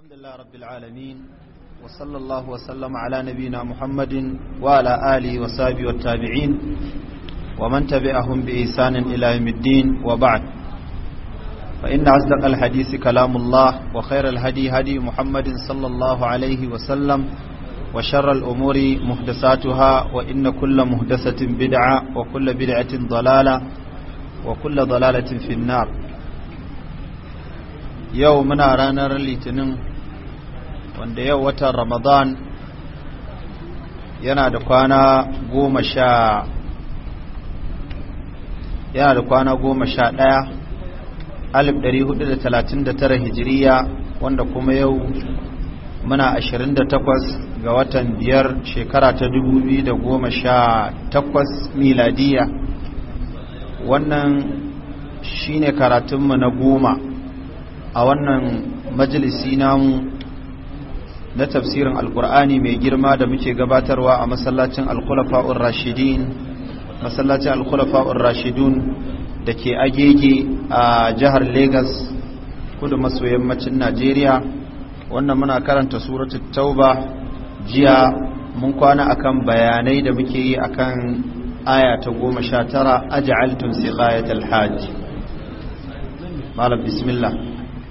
الحمد لله رب العالمين وصلى الله وسلم على نبينا محمد وعلى آله وصحبه والتابعين ومن تبعهم بإحسان إلى يوم الدين وبعد فإن أصدق الحديث كلام الله وخير الهدي هدي محمد صلى الله عليه وسلم وشر الأمور محدثاتها وإن كل محدثة بدعة وكل بدعة ضلالة وكل ضلالة في النار yau muna ranar litinin wanda yau watan ramadan yana da kwana goma sha yana da kwana goma sha ɗaya alif ɗari hudu da talatin da tara hijiriya wanda kuma yau muna ashirin da takwas ga watan biyar shekara ta dubu biyu da goma sha takwas miladiya wannan shine karatunmu na goma a wannan majalisi namu na tafsirin alkur'ani mai girma da muke gabatarwa a masallacin alkulafa'ur rashidin masallacin alkulafa'ur rashidun da ke agege a jihar Legas kudu maso yammacin najeriya wannan muna karanta suratul tauba jiya mun kwana akan bayanai da muke yi akan aya ta goma sha tara aja'altum siqayatal hajj malam bismillah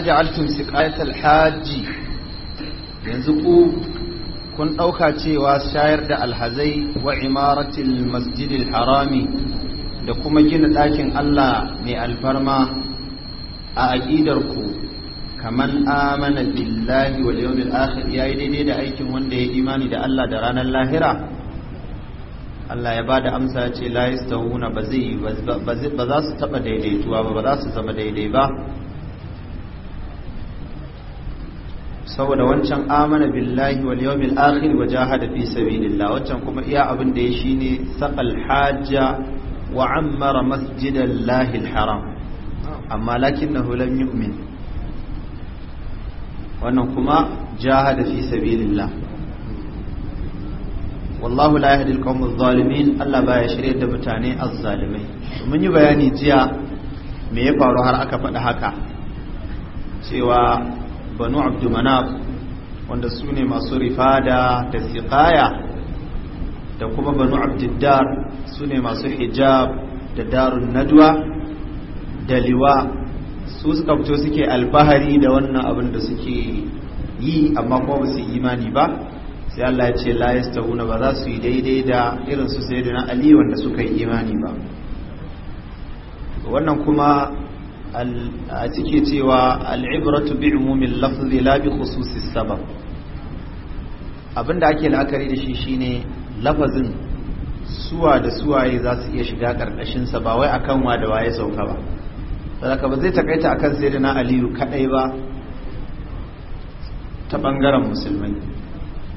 aj'altum siqayatal hajji yanzu ku kun dauka cewa shayar da alhazai wa imaratil masjidil harami da kuma gina ɗakin Allah mai alfarma a ku kaman amana billahi wal yawmil akhir yayi daidai da aikin wanda ya imani da Allah da ranar lahira Allah ya bada amsa ya ce la yastawuna ba ba za su taba daidaituwa ba ba za su zama daidai ba saboda wancan amana billahi wal yawmil akhir wa jahada fi sabilillah wancan kuma iya abin da ya shine saqal hajja wa ammara masjidallahi al haram amma lakinnahu lam yu'min wannan kuma jahada fi sabilillah wallahu la yahdi al qawm adh Allah baya shirye da mutane azzalimai mun yi bayani jiya me ya faru har aka faɗi haka cewa banu abdu manaf wanda su ne masu rifada da siqaya da kuma banu abdiddar su ne masu hijab da darun nadwa da liwa su suka fito suke alfahari da wannan abin da suke yi amma kuma ba su imani ba sai Allah ya ce la yastawuna ba za su yi daidai da irin su sayyidina ali wanda suka yi imani ba wannan kuma a cike cewa al'ibratu bi umumin lafzi la bi khususis sabab abinda ake la'akari da shi shine lafazin suwa da suwaye za su iya shiga karkashin sa ba wai akan wa da waye sauka ba saboda ba zai takaita akan sayyidina aliyu kadai ba ta bangaren musulmai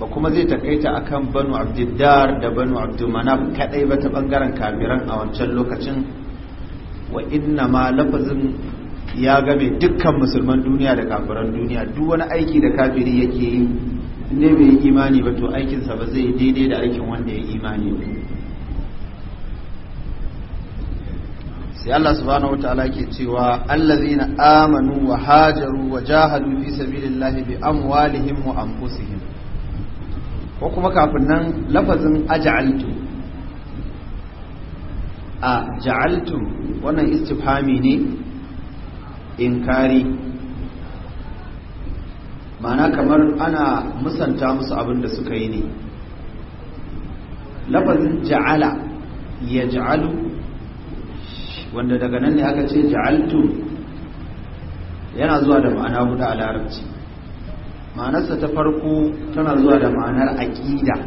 ba kuma zai takaita akan banu abdiddar da banu abdulmanaf kadai ba ta bangaren kafiran a wancan lokacin wa inna ma lafazin ya game dukkan musulman duniya da kafiran duniya duk wani aiki da kafiri yake yi ne mai yi imani ba to aikinsa ba zai daidai da aikin wanda ya yi imani ba sai Allah subhanahu ta'ala ke cewa allazina amanu wa hajaru wa jahadu fi sabilillahi bi amwalihim wa anfusihim ko kuma kafin nan lafazin aj'altu a ja'altu wannan istifhami ne inkari ma'ana kamar ana musanta musu abin da suka yi ne lafazin ja'ala ya ja'alu wanda daga nan ne aka ce ja'altu yana zuwa da ma'ana guda a larabci ma'anarsa ta farko tana zuwa da ma'anar aƙida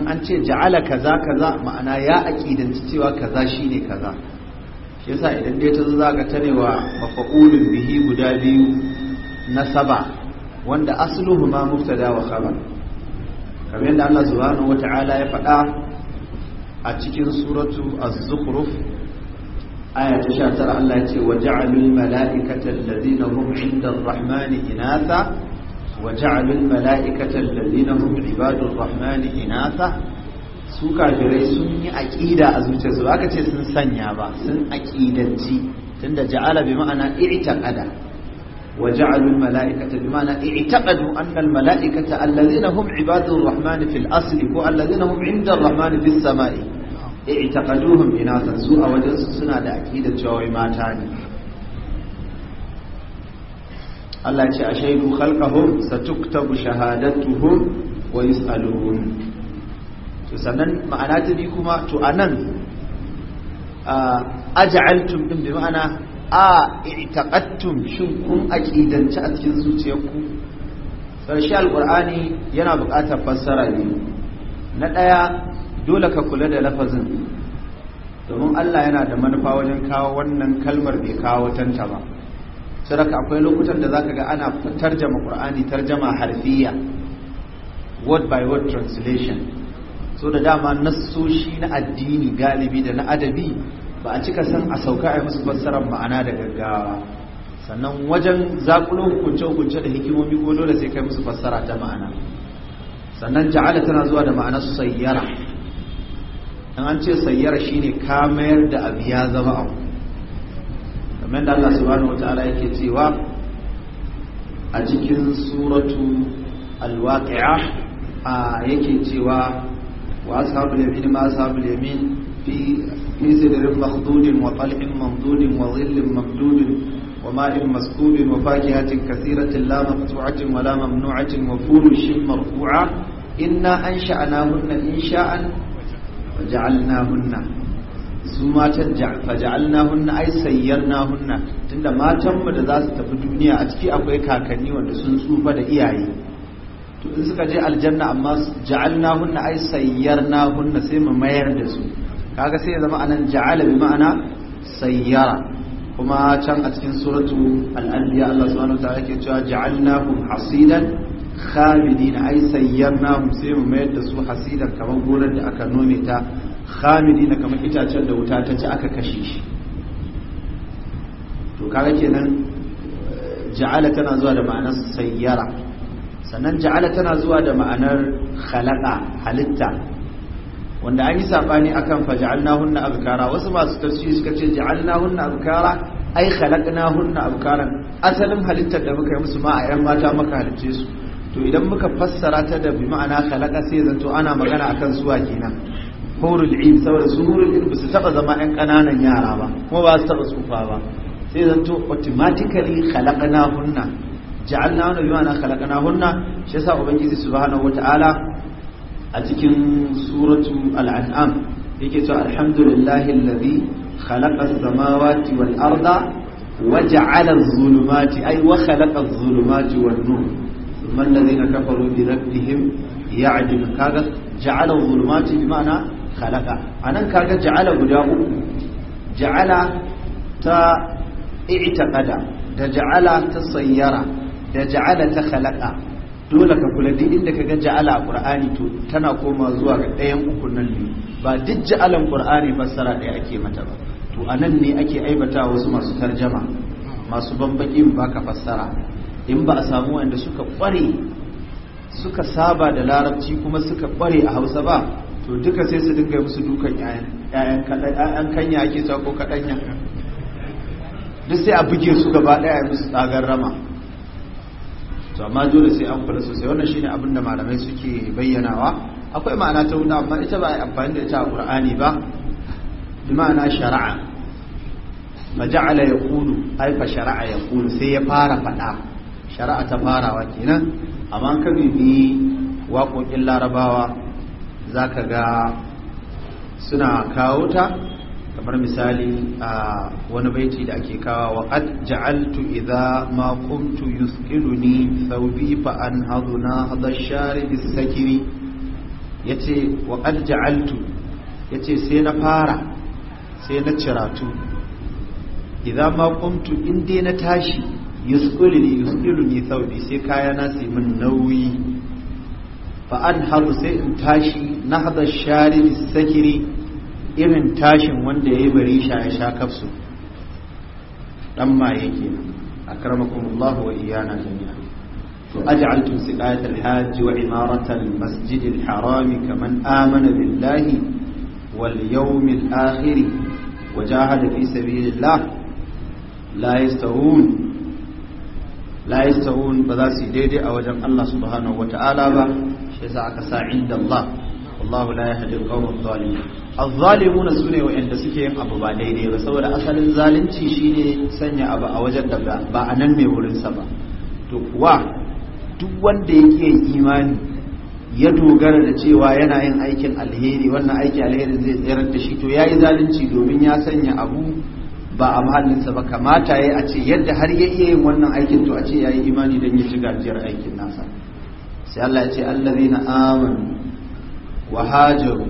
in an ce ja'ala kaza kaza ma'ana ya aqidanci cewa kaza shine kaza shi yasa idan dai ta zo zaka tarewa mafa'ulun bihi guda biyu na saba wanda asluhu ma mubtada wa khabar kamar yadda Allah subhanahu wata'ala ya faɗa a cikin suratu az-zukhruf aya ta 19 Allah ya ce wa ja'alul mala'ikata alladhina hum 'inda ar-rahmani inatha وجعلوا الملائكة الذين هم عباد الرحمن إناثا su kafirai sun yi aƙida a zuciyarsu ba aka ce sun sanya ba sun aƙidanci tunda ja'ala bi ma'ana i'taqada wa ja'alul mala'ikata bi ma'ana i'taqadu anna al mala'ikata alladhina hum ibadur rahmani fil asli ko alladhina hum 'inda ar rahmani fis sama'i i'taqaduhum inathan su a wajen su suna da aƙidar cewa mata ne Allah ce a shaidu khalqahum satuktabu shahadatuhum wa yus'alun to sannan ma'ana ta bi kuma to anan aj'altum ɗin bi ma'ana a i'taqattum shin kun aqidanci a cikin zuciyarku sarshe alqur'ani yana buƙatar fassara ne na ɗaya dole ka kula da lafazin domin Allah yana da manufa wajen kawo wannan kalmar bai kawo tanta ba saraka akwai lokutan da zaka ga ana tarjama qur'ani tarjama harfiya word by word translation so da dama nassoshi na addini galibi da na adabi ba a cika san a sauka a musu fassarar ma'ana da gaggawa sannan wajen zakulo hukunce-hukunce da hikimomi ko dole sai kai musu fassara ta ma'ana sannan ja'ala tana zuwa da ma'anar sayyara an ce sayyara shine ka da abu ya zama abu kamar da Allah subhanahu wataala yake cewa a cikin suratu alwaqi'a a yake cewa wa ashabul yamin ma ashabul yamin fi fi sidrin makhdudin wa talhin mamdudin wa dhillin mamdudin وماء مسكوب وفاكهة كثيرة wa مقطوعة ولا ممنوعة وفرش مرفوعة إنا أنشأناهن إنشاء وجعلناهن su matan faja'alnahunna ai sayyarnahunna tunda matan mu da za su tafi duniya a ciki akwai kakanni wanda sun tsufa da iyaye to in suka je aljanna amma ja'alnahunna ai sayyarnahunna sai mu mayar da su kaga sai ya zama anan ja'ala bi ma'ana sayyara kuma can a cikin suratu al-anbiya Allah subhanahu wa ta'ala ke cewa ja'alnahum hasidan khalidina ai sayyarnahum sai mu mayar da su hasidan kamar gonar da aka nome ta na kamar itacen da wuta ta ci aka kashe shi to kaga kenan eh, ja'ala tana zuwa da ma'anar sayyara sannan ja'ala tana zuwa da ma'anar khalaqa halitta wanda an yi sabani akan fa ja'alnahunna abkara wasu masu tafsiri suka ce ja'alnahunna abkara ai khalaqnahunna abkara asalin halittar da muka yi musu ma a yan mata muka halicce su to idan muka fassara ta da bi ma'ana khalaqa sai zanto ana magana akan suwa kenan hurul in saboda su hurul in su taba zama yan kananan yara ba kuma ba su taba tsufa ba sai zanto automatically khalaqnahunna ja'alna wa bima'ana khalaqnahunna shi yasa ubangiji subhanahu wata'ala a cikin suratu al-an'am yake cewa alhamdulillahi alladhi khalaqa as-samawati wal arda wa ja'ala adh-dhulumati ay wa khalaqa adh-dhulumati wan nur thumma alladhina kafaru bi rabbihim ya'dil kaga ja'ala adh-dhulumati bima'ana khalaqa anan kaga ja'ala guda uku ja'ala ta i'taqada da ja'ala ta sayyara da ja'ala ta khalaqa dole ka kula duk inda kaga ja'ala a qur'ani to tana koma zuwa ga ɗayan uku nan ne ba duk ja'alan qur'ani fassara ɗaya ake mata ba to anan ne ake aibata wasu masu tarjama masu ba ka fassara in ba a samu wanda suka kware suka saba da larabci kuma suka kware a hausa ba to duka sai su dinga musu dukan 'ya'yan kanya ake sa ko kaɗanya duk sai a buge su gaba ɗaya musu tsagar rama to amma dole sai an kula sosai wannan shine abin da malamai suke bayyanawa akwai ma'ana ta hudu amma ita ba a amfani da ita a qur'ani ba bi ma'ana shari'a maja'ala yaqulu ay fa shari'a yaqulu sai ya fara faɗa shari'a ta farawa kenan amma kan bi waƙoƙin larabawa za ka ga suna kawo ta kamar misali a wani baiti da ake kawo wa qad ja'altu idza ma kuntu yusqiluni saubi fa an haduna hada bis sakiri yace wa qad ya yace sai na fara sai na ciratu idza ma kuntu in dai na tashi yusqiluni yusqiluni saubi sai kaya na su min nauyi fa an haru sai in tashi nahda sharib sakiri irin tashin wanda ya yi bari sha ya sha kafsu dan maye kenan akramakumullahu wa iyana jami'a to aj'altum siqayat al-hajj wa imarat al-masjid al kaman amana billahi wal yawm al-akhir wa jahada fi sabilillah la yastawun la yastawun ba za su daidai a wajen Allah subhanahu wa ta'ala ba shi yasa aka sa inda Allah Allahu la yahdi al qawma adh-dhalimin adh-dhalimuna sune wa'anda suke yin abu ba daidai ba saboda asalin zalunci shine sanya abu a wajen da ba a nan mai wurin sa ba to kuwa duk wanda yake imani ya dogara da cewa yana yin aikin alheri wannan aikin alheri zai tsere da shi to yayi zalunci domin ya sanya abu ba a mahallinsa ba kamata ya a ce yadda har ya iya yin wannan aikin to a ce yayi imani dan ya ci gajiyar aikin nasa sai Allah ya ce allazina amanu وهاجروا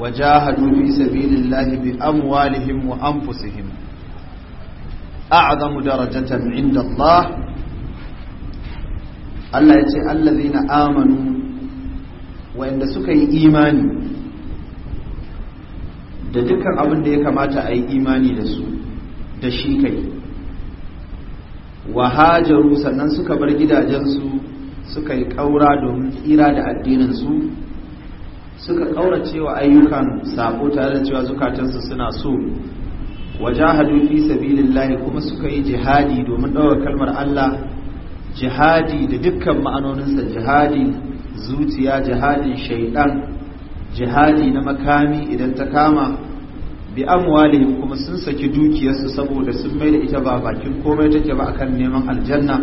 وجاهدوا في سبيل الله بأموالهم وأنفسهم أعظم درجة عند الله Allah ya ce allazina amanu wa'anda suka yi imani da dukkan abin da ya kamata a yi imani da su da shi kai wahajaru sannan suka bar gidajensu suka yi ƙaura domin tsira da addininsu suka kaurace wa ayyukan sako tare da cewa zukatansu suna so wajahadu fi sabilillahi kuma suka yi jihadi domin ɗaura kalmar Allah jihadi da dukkan ma'anoninsa jihadi zuciya jihadin shaydan jihadi na makami idan ta kama bi amwalihim kuma sun saki dukiyarsu saboda sun mai da ita ba bakin komai take ba akan neman aljanna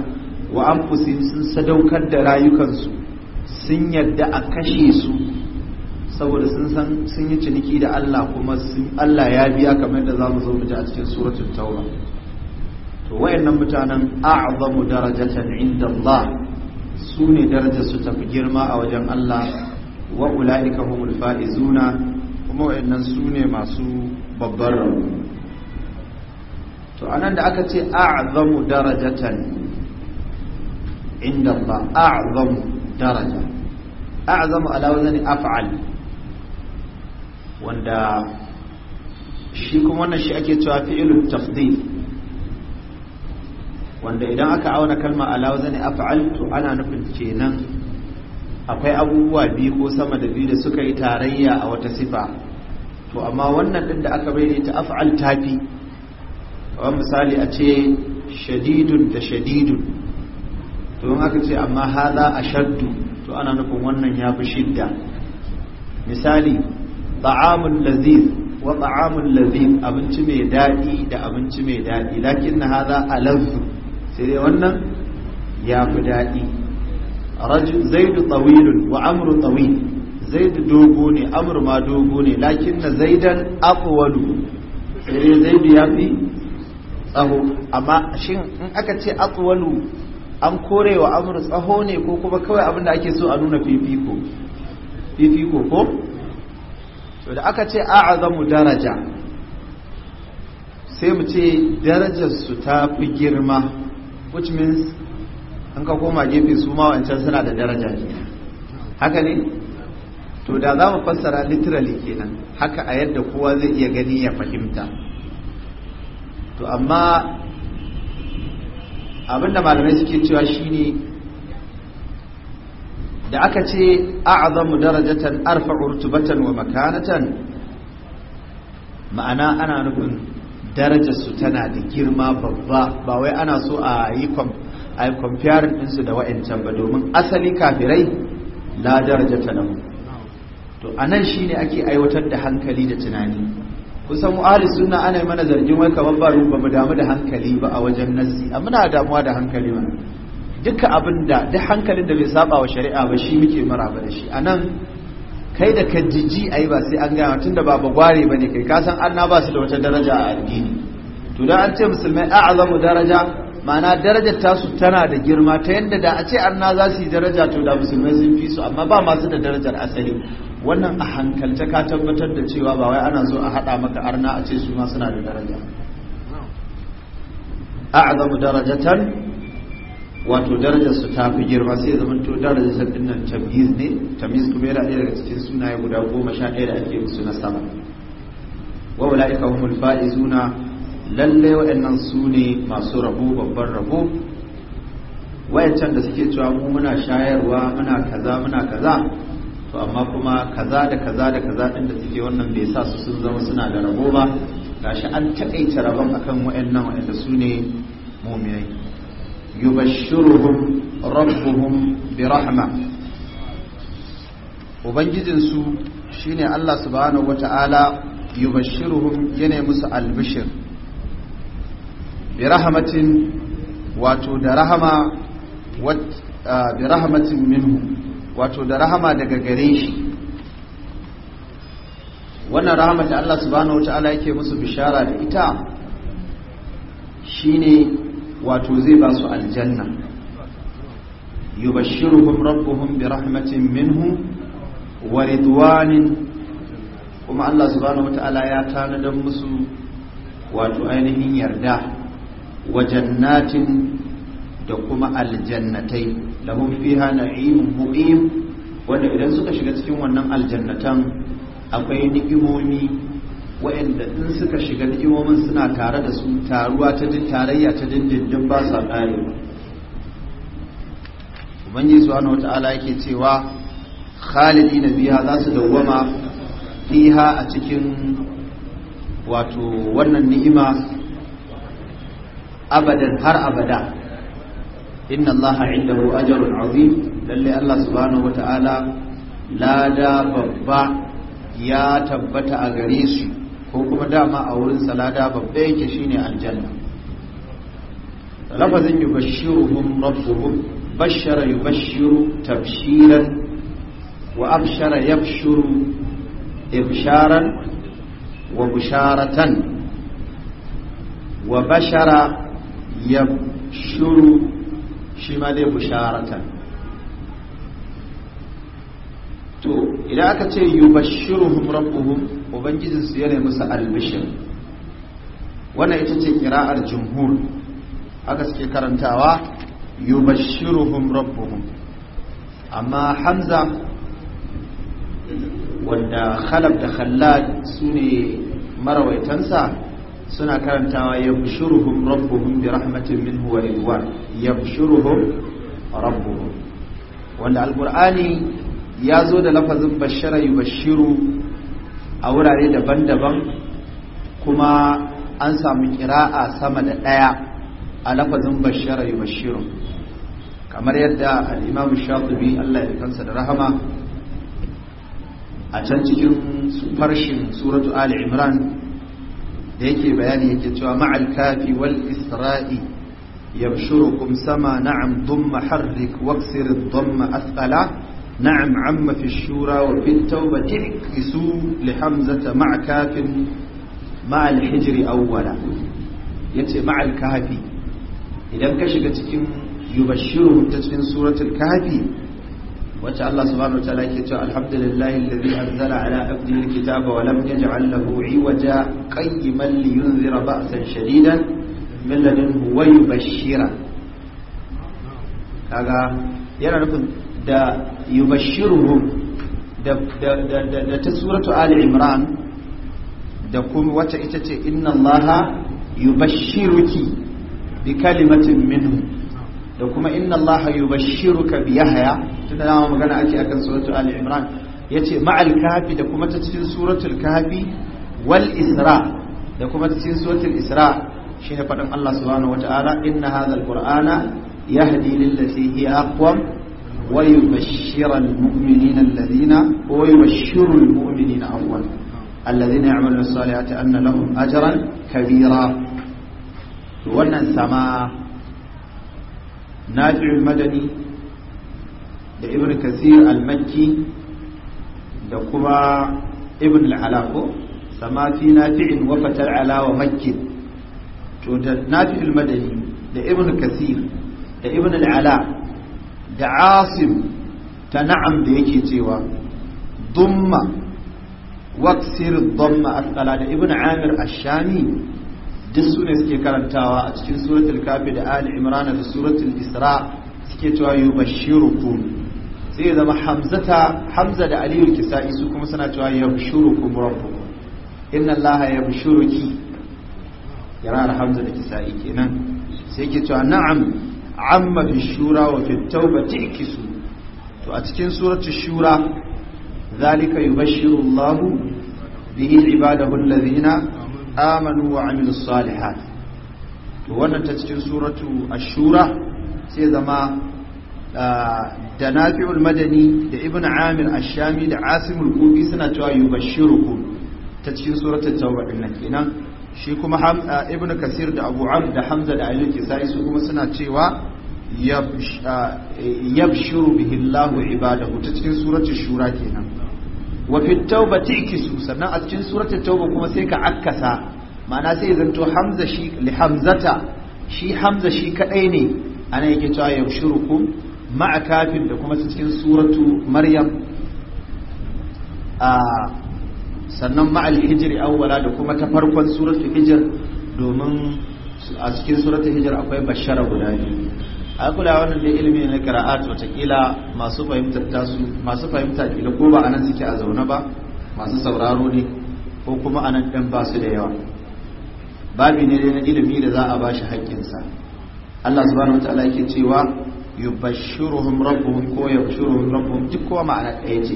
wa anfusihim sun sadaukar da rayukansu sun yarda a kashe su saboda sun san sun yi ciniki da Allah kuma Allah ya biya kamar da zamu zo mu ji a cikin suratul tauba to wayannan mutanen a'zamu darajatan inda Allah su ne darajar su tafi girma a wajen Allah wa ulaika humul faizuna kuma wayannan su ne masu babbar rabo to anan da aka ce a'zamu darajatan inda Allah a'zamu daraja a'zamu ala wazani af'al wanda shi kuma wannan shi ake cewa fi'ilun tafdil wanda idan aka auna kalma ala wazan af'al to ana nufin kenan akwai abubuwa biyu ko sama da biyu da suka yi tarayya a wata sifa to amma wannan din da aka bayyana ta af'al tafi kamar misali a ce shadidun da shadidun to in aka ce amma hadha ashaddu to ana nufin wannan yafi shidda misali ta'amul laziz wa ta'amul laziz abinci mai daɗi da abinci mai daɗi lakin na haza alazzu sai dai wannan ya fi daɗi zaidu tawilun wa amru tawil zaidu dogo ne amru ma dogo ne lakin na zaidan afwalu sai dai zaidu ya fi tsaho amma shin in aka ce afwalu an kore wa amru tsaho ne ko kuma kawai abin ake so a nuna fifiko fifiko ko to da aka ce a'azamu daraja sai mu ce darajar su ta fi girma which means an ka koma gefe su ma wancan suna da daraja ne haka ne to da za mu fassara literally kenan haka a yadda kowa zai iya gani ya fahimta to amma abinda malamai suke cewa shine da aka ce a'zamu darajatan arfa'u rutubatan wa makanatan ma'ana ana nufin daraja su tana da girma babba ba wai ana so a yi a comparing ɗinsu da wa'ancan ba domin asali kafirai la darajata lahu to anan shine ake aiwatar da hankali da tunani kusan mu'alis suna ana mana zargin wai kamar ba ba mu damu da hankali ba a wajen nasi? a muna damuwa da hankali mana duka abin da duk hankalin da bai saba wa shari'a ba shi muke maraba da shi a nan kai da ka jiji a yi ba sai an gaya tun da ba ba gware ba ne kai kasan na ba su da wata daraja a addini to da an ce musulmai azamu daraja ma'ana ta su tana da girma ta yadda da a ce na za su yi daraja to da musulmai sun fi su amma ba masu da darajar asali wannan a hankalce ka tabbatar da cewa ba wai ana so a haɗa maka arna a ce su ma suna da daraja azamu darajatan wato darajar su ta fi girma sai zama to darajar sa nan tamiz ne tamiz kuma yana ɗaya daga cikin sunaye guda goma sha ɗaya da ake musu na sama wa ulaika humul faizuna lalle waɗannan su ne masu rabo babban rabo wayancan da suke cewa mu muna shayarwa muna kaza muna kaza to amma kuma kaza da kaza da kaza din da suke wannan bai sa su sun zama suna da rabo ba gashi an taƙaita rabon akan wa'annan wa'anda su ne muminai yubashshiruhum rabbuhum bi rahma ubangijin su shine Allah subhanahu wata'ala yubashshiruhum yana musu albishir bi rahmatin wato da rahama bi rahmatin minhu wato da rahama daga gare shi wannan rahama da Allah subhanahu wata'ala yake musu bishara da ita shine wato zai ba su aljanna yubashshiruhum rabbuhum bi rahmatin minhu wa ridwanin kuma Allah subhanahu wataala ya tanadar musu wato ainihin yarda wa jannatin da kuma aljannatai lahum fiha na'imun muqim wanda idan suka shiga cikin wannan aljannatan akwai ni'imomi wa'anda in suka shiga ni'imomin suna tare da su taruwa ta din tarayya ta dindindin ba sa ƙarewa ubangiji subhanahu wata'ala yake cewa khalidi na biya za su dawwama fiha a cikin wato wannan ni'ima abadan har abada inna allaha indahu ajrun azim lalle allah subhanahu wata'ala lada babba ya tabbata a gare su ko kuma dama a wurin salada babba yake shine aljanna lafazin yubashshiruhum rabbuhum bashara yubashshiru tabshiran wa abshara yabshuru ibsharan wa busharatan wa bashara yabshuru shi ma dai busharatan to idan aka ce yubashshiruhum rabbuhum ubangijinsu ya musu albishir wannan ita ce kira'ar jumhur haka suke karantawa yubashshiruhum rabbuhum amma hamza wanda khalab da khallad su ne marawaitansa suna karantawa yabshuruhum rabbuhum bi rahmatin minhu wa ridwan yabshuruhum rabbuhum wanda alqur'ani ya zo da lafazin bashara yubashshiru a wurare daban-daban kuma an samu kira'a sama da ɗaya a lafazin bashara yi bashirun kamar yadda al'imamu shatubi allah ya kansa da rahama a can cikin farshin suratu ali imran da yake bayani yake cewa ma'al kafi wal isra'i yabshurukum sama na'am dumma harrik waksir dumma asala نعم عم في الشورى وفي التوبة اعكسوا لحمزة مع كاف مع الحجر أولا يتي مع الكهف إذا كشكت يبشره تسفين سورة الكهف وجه الله سبحانه وتعالى كتاب الحمد لله الذي أنزل على عبده الكتاب ولم يجعل له عوجا قيما لينذر بأسا شديدا من لدنه ويبشر هذا يرى نفسه da yubashiruhum da da ta suratu ali imran da kuma wata ita ce inna allaha yubashiruki bi kalimatin minhu da kuma inna allaha yubashiruka bi yahya tunda na magana ake akan suratu ali imran yace ma'al kahfi da kuma ta cikin suratul kafi wal isra da kuma ta cikin suratul isra shine faɗin Allah subhanahu wata'ala inna hadha alqur'ana yahdi lillati hiya aqwam ويبشر المؤمنين الذين ويبشر المؤمنين أول الذين يعملون الصالحات أن لهم أجرا كبيرا وننسما ناجع المدني لابن كثير المكي لقبا ابن العلاق سما في ناجع وفتى العلا ومكي ناجع المدني لابن كثير لابن العلاء da asim ta na'am da yake cewa dumma waksir dumma asala da ibn amir ashami duk su ne suke karantawa a cikin suratul kafi da ali imran da suratul isra suke cewa yubashshirukum sai zama hamzata hamza da aliyu kisa'i su kuma suna cewa yabshurukum rabbukum inna allaha yabshuruki yana da hamza da kisa'i kenan sai ke cewa na'am amma fi shura wa fi taubati to a cikin suratul shura zalika yubashshiru Allahu ibada ibadahu alladhina amanu wa amilus Saliha. to wannan ta cikin suratu ash-shura sai zama da nafi'ul madani da ibn amir ashami shami da asimul kufi suna cewa yubashshirukum ta cikin suratul tauba ɗin nan kenan shi kuma uh, ibn kasir da abu da hamza da ali su kuma suna cewa uh, yabshuru bihi allah ibadahu ta cikin suratul shura kenan wa fi tawbati kisu sannan a cikin suratul tauba kuma sai ka akkasa ma'ana sai zanto hamza shi li hamzata shi hamza shi kadai ne ana yake cewa yabshurukum ma'a kafin da kuma cikin suratu maryam a uh, sannan ma'al hijri awwala da kuma ta farkon suratul hijr domin a cikin suratul hijr akwai bashara guda biyu a kula wannan da ilimi na qira'at watakila masu fahimtar tasu masu fahimta kila ko ba anan suke a zauna ba masu sauraro ne ko kuma anan dan ba su da yawa babi ne na ilimi da za a bashi haƙƙinsa Allah subhanahu wataala yake cewa yubashshiruhum rabbuhum ko yabshiruhum rabbuhum duk kowa ma'ana ɗaya ce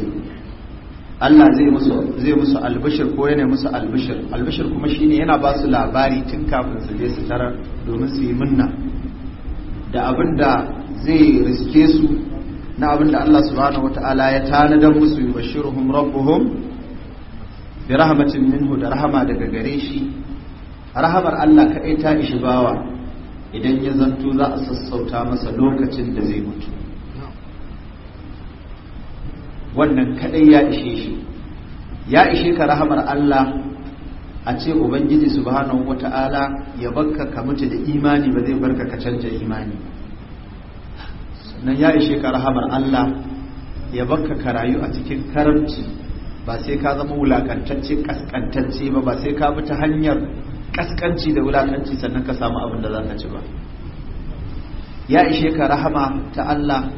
Allah zai musu zai albishir ko yana musu albishir albishir kuma shine yana ba su labari tun kafin su je su tarar domin su yi minna da abin zai riske su na abinda da Allah subhanahu wata'ala ya tanadar musu yubashiruhum rabbuhum bi rahmatin minhu da rahama daga gare shi rahamar Allah kaɗai ta ishi bawa idan ya zanto za a sassauta masa lokacin da zai mutu wannan kadai ya ishe shi ya ishe ka rahamar Allah a ce ubangiji subhanahu wata'ala ya barka ka mutu da imani ba zai barka ka canja imani sannan ya ishe ka rahamar Allah ya barka ka rayu a cikin karamci ba sai ka zama wulakantacce kaskantacce ba ba sai ka bi ta hanyar kaskanci da wulakanci sannan ka samu abin da za ka ci ba ya ishe ka rahama ta Allah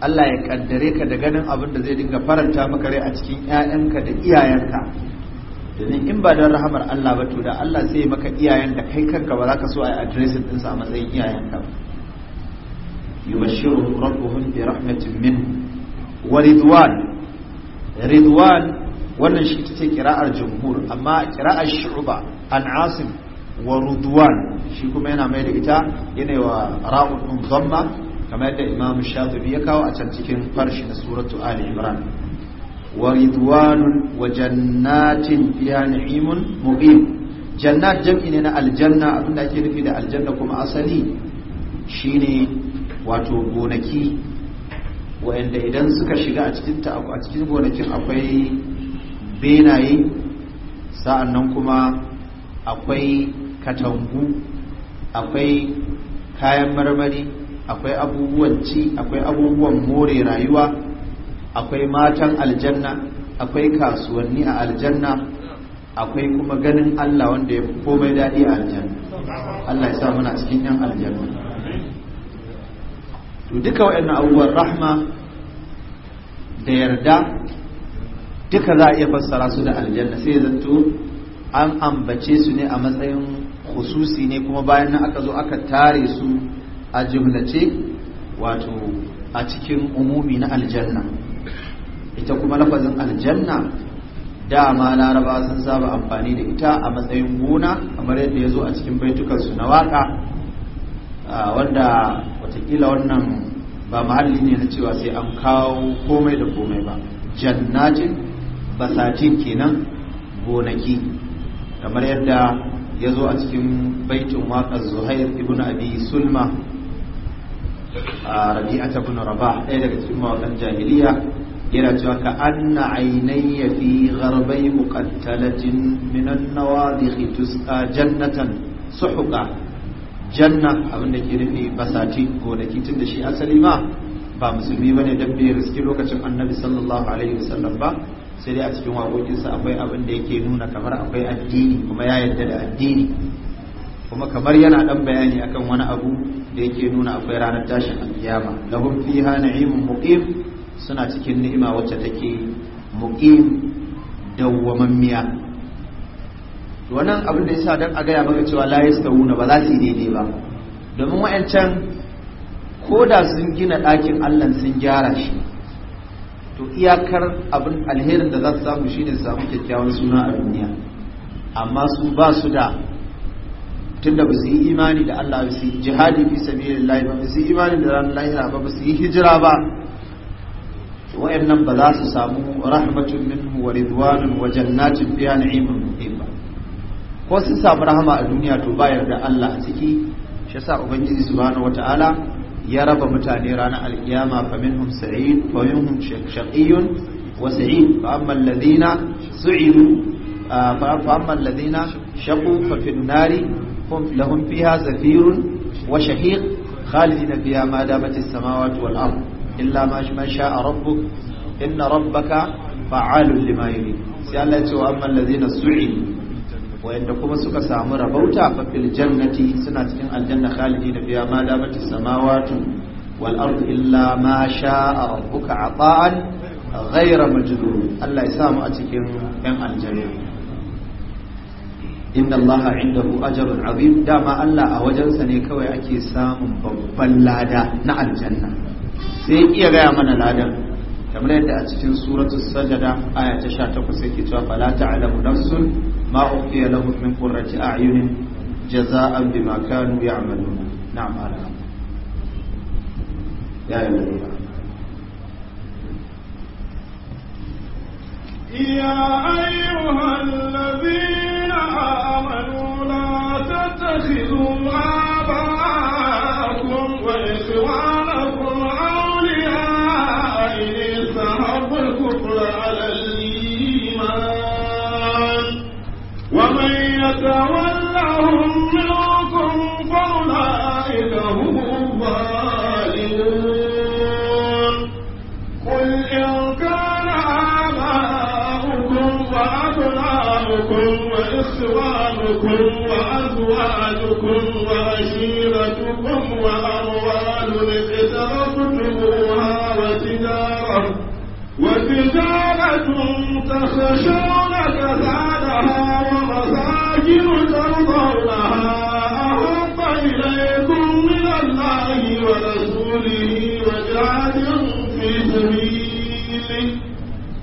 Allah ya kaddare ka da ganin abin da zai dinga faranta maka rai a cikin ƴaƴanka da iyayenka domin in ba don rahamar Allah ba to da Allah zai maka iyayen da kai kanka ba za ka so a yi adiresin ɗinsa a matsayin iyayenka yubashiru rabbuhum bi rahmatin min wa ridwan ridwan wannan shi ta ce kira'ar jumhur amma kira'ar shu'ba an asim wa ridwan shi kuma yana mai da ita yana wa ɗin zamma kamar yadda imam shatibi ya kawo a can cikin farshi na suratu ali imran wa ridwanun wa jannatin fiha na'imun muqim jannat jam'i ne na aljanna abinda ake nufi da aljanna kuma asali shine wato gonaki wa'anda idan suka shiga a cikin gonakin akwai benaye sa'annan kuma akwai katangu akwai kayan marmari akwai abubuwan ci akwai abubuwan more rayuwa akwai matan aljanna akwai kasuwanni a aljanna akwai kuma ganin Allah wanda ya komai daɗi a aljanna Allah ya sa muna cikin yan aljanna to duka wa'annan abubuwan rahma da yarda duka za a iya fassara su da aljanna sai zanto an ambace su ne a matsayin khususi ne kuma bayan nan aka zo aka tare su a jimlace wato a cikin umumi na aljanna ita kuma lafazin aljanna dama laraba sun saba amfani da ita a matsayin gona kamar yadda ya zo a cikin baitukansu na waka wanda watakila wannan ba mahalli ne na cewa sai an kawo komai da komai ba jannatin basatin kenan gonaki kamar yadda ya zo a cikin baitin waƙar zuhair ibn abi sulma rabi'ata ibn rabah ɗaya daga cikin mawakan jahiliya yana cewa ka anna aynayya fi gharbai muqattalatin min an-nawadhi tusqa jannatan suhuqa janna abinda ke nufi basati gonaki tun da shi asali ma ba musulmi bane dan bai riski lokacin annabi sallallahu alaihi wasallam ba sai dai a cikin waƙoƙinsa akwai abin da yake nuna kamar akwai addini kuma ya yarda da addini kuma kamar yana dan bayani akan wani abu da yake nuna akwai ranar tashin alkiyama lahum fiha na'imun muqim suna cikin ni'ima wacce take muqim dawwamammiya wannan abin da yasa dan a gaya maka cewa la yastawuna ba za su yi daidai ba domin wa'ancan ko da sun gina ɗakin Allah sun gyara shi to iyakar abin alherin da za su samu shine su samu kyakkyawan suna a duniya amma su ba su da tunda ba su yi imani da Allah ba su yi jihadi fi sabilillah ba su yi imani da ranar lahira ba ba su yi hijira ba nan ba za su samu rahmatun minhu wa ridwanun wa jannatin fiha na'imun muqim ba ko sun samu rahama a duniya to ba yarda Allah a ciki shi yasa ubangiji subhanahu wataala ya raba mutane ranar alkiyama fa minhum sa'id wa minhum shaqiyyun wa sa'id fa amma alladhina su'idu ah, fa amma alladhina shaqu fa fi nari lahum fiha zafirun wa shahiq khalidina fiha ma damat as-samawati wal ard illa ma sha'a rabbuk inna rabbaka fa'alun lima yurid sai Allah ya ce wa amman ladina su'idu wayanda kuma suka samu rabauta fa fil jannati suna cikin aljanna khalidina fiha ma damat as-samawati wal illa ma Allah ya mu a cikin yan aljanna inna inda hu ajarun azim dama Allah a wajensa ne kawai ake samun babban lada na aljanna sai iya gaya mana ladan kamar yadda a cikin suratu sajada aya ta sha kusa yake cewa fala ta'lamu nafsun ma ukhfiya lahum min qurrati a'yunin jaza'an bima kanu ya'malun na'am ala ya yi يا أيها الذين آمنوا لا تتخذوا آباءكم وإخوانكم أولياء إن استحبوا الكفر على الإيمان ومن يتولهم منهم أصحابكم وإخوانكم وأزواجكم وعشيرتكم وأموال اقترفتموها وتجارة وتجارة تخشونها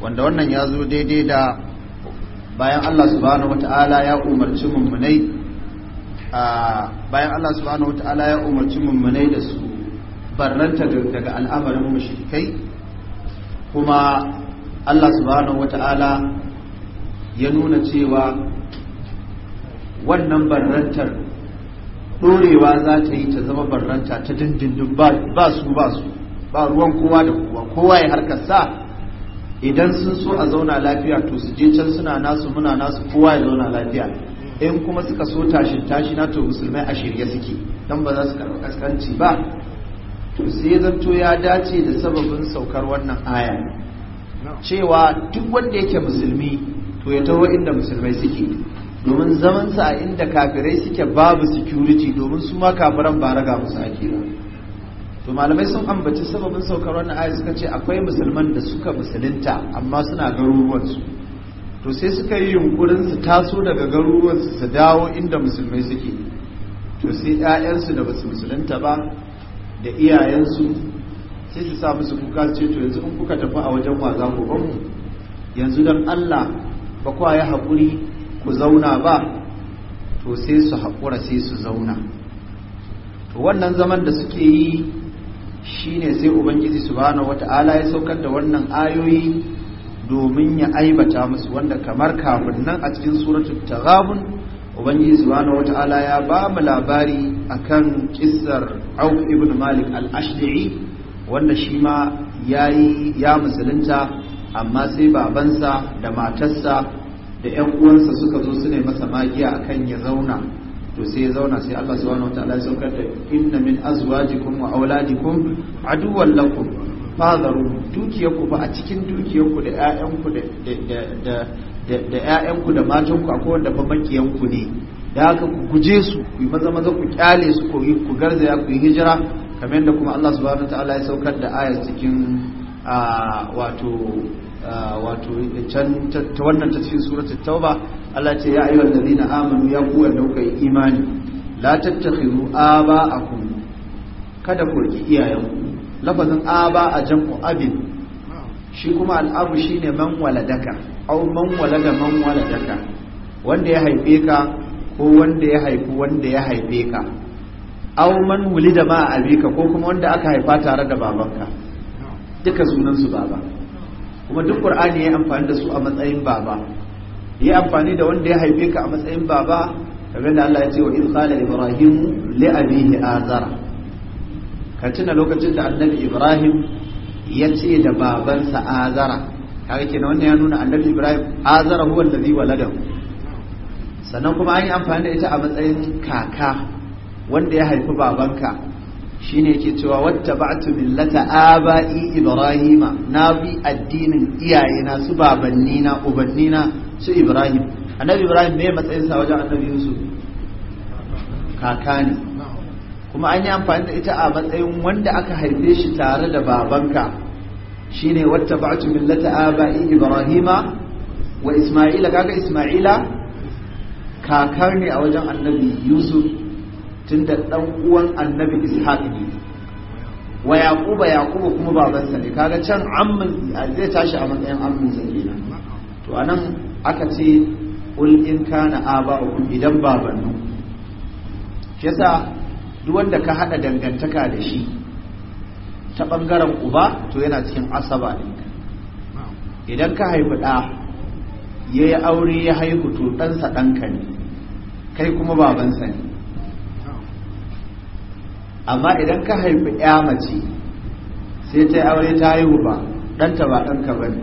wanda wannan ya zo daidai da bayan Allah subhanahu wata'ala ya umarci mummunai bayan Allah subhanahu wata'ala ya umarci mummunai da su barranta daga al'amarin mushrikai kuma Allah subhanahu wata'ala ya nuna cewa wannan barrantar ɗorewa za ta yi ta zama barranta ta dindindin ba su ba su ba ruwan kowa da kowa kowa ya harkar sa. idan sun so a zauna lafiya to su je can suna nasu muna nasu kowa ya zauna lafiya in kuma suka so tashin tashi na to musulmai a shirye suke dan ba za su karɓi kaskanci ba to sai zanto ya dace da sababin saukar wannan aya cewa duk wanda yake musulmi to ya taho inda musulmai suke domin zamansa a inda kafirai suke babu security domin su ma kafiran ba raga musu ake ba to malamai sun ambaci sababin saukar wannan aya suka ce akwai musulman da suka musulunta amma suna garuruwansu to sai suka yi yunkurin su taso daga garuruwansu su dawo inda musulmai suke to sai 'ya'yansu da basu musulunta ba da iyayensu sai su sa musu kuka ce to yanzu in kuka tafi a wajen za ku mu yanzu dan Allah ba kwa ya haƙuri ku zauna ba to sai su haƙura sai su zauna to wannan zaman da suke yi Shi ne sai ubangiji subhanahu wata'ala ya saukar da wannan ayoyi domin ya aibata musu wanda kamar kafin nan a cikin suratul taghabun ubangiji subhanahu wata'ala ya ba mu labari akan kissar Auf ibn Malik al-Ashdi'i wanda shi ma yayi ya musulunta amma sai babansa da matarsa da 'yan uwansa suka zo su ne masa magiya akan ya zauna to sai ya zauna sai Allah subhanahu wata ya saukar da inna min azwajikum wa auladikum aduwwan lakum fadaru ku ba a cikin dukiyarku da ƴaƴanku da da da ƴaƴanku da matanku akwai wanda fa ku ne da haka ku guje su ku maza maza ku kyale su ku ku garzaya ku yi hijira kamar yadda kuma Allah subhanahu ta'ala ya saukar da ayar cikin ah, wato ah, wato can ta wannan ta cikin suratul tauba Allah ce ya ayyuhal ladina amanu ya ku wanda kuka yi imani la tattakhizu aba'akum kada ku riki iyayenku lafazin aba a jam'u abin shi kuma al'abu shine man waladaka au man walada man waladaka wanda ya haife ka ko wanda ya haifu wanda ya haife ka au man wulida ma abika ko kuma wanda aka haifa tare da babanka duka sunan su baba kuma duk qur'ani ya amfani da su a matsayin baba yi amfani da wanda ya haife ka a matsayin baba kamar da Allah ya ce wa in qala ibrahim li abihi azara ka tuna lokacin da annabi ibrahim ya ce da babansa azara kaga kenan wannan ya nuna annabi ibrahim azara huwa allazi walada sannan kuma an yi amfani da ita a matsayin kaka wanda ya haifi babanka shine yake cewa wattaba'tu millata aba'i ibrahima na bi addinin iyayena su babanni na ubanni na su ibrahim annabi ibrahim me matsayin sa wajen annabi yusuf kakani kuma an yi amfani da ita a matsayin wanda aka haife shi tare da babanka shine wata ba'atu millata aba'i ibrahima wa isma'ila kaga isma'ila kakar ne a wajen annabi yusuf tunda dan uwan annabi ishaq ne wa yaquba yaquba kuma babansa ne kaga can ammin zai tashi a matsayin ammin zai kenan to anan aka ce ul in kana aba'ukum idan babannu shi yasa duk wanda ka hada dangantaka da shi ta bangaren uba to yana cikin asaba ɗinka idan ka haifi ɗa ya yi aure ya haihu to ɗansa ɗanka ne kai kuma babansa ne amma idan ka haifi ya mace sai ta yi aure ta haihu ba ɗanta ba ɗanka ba ne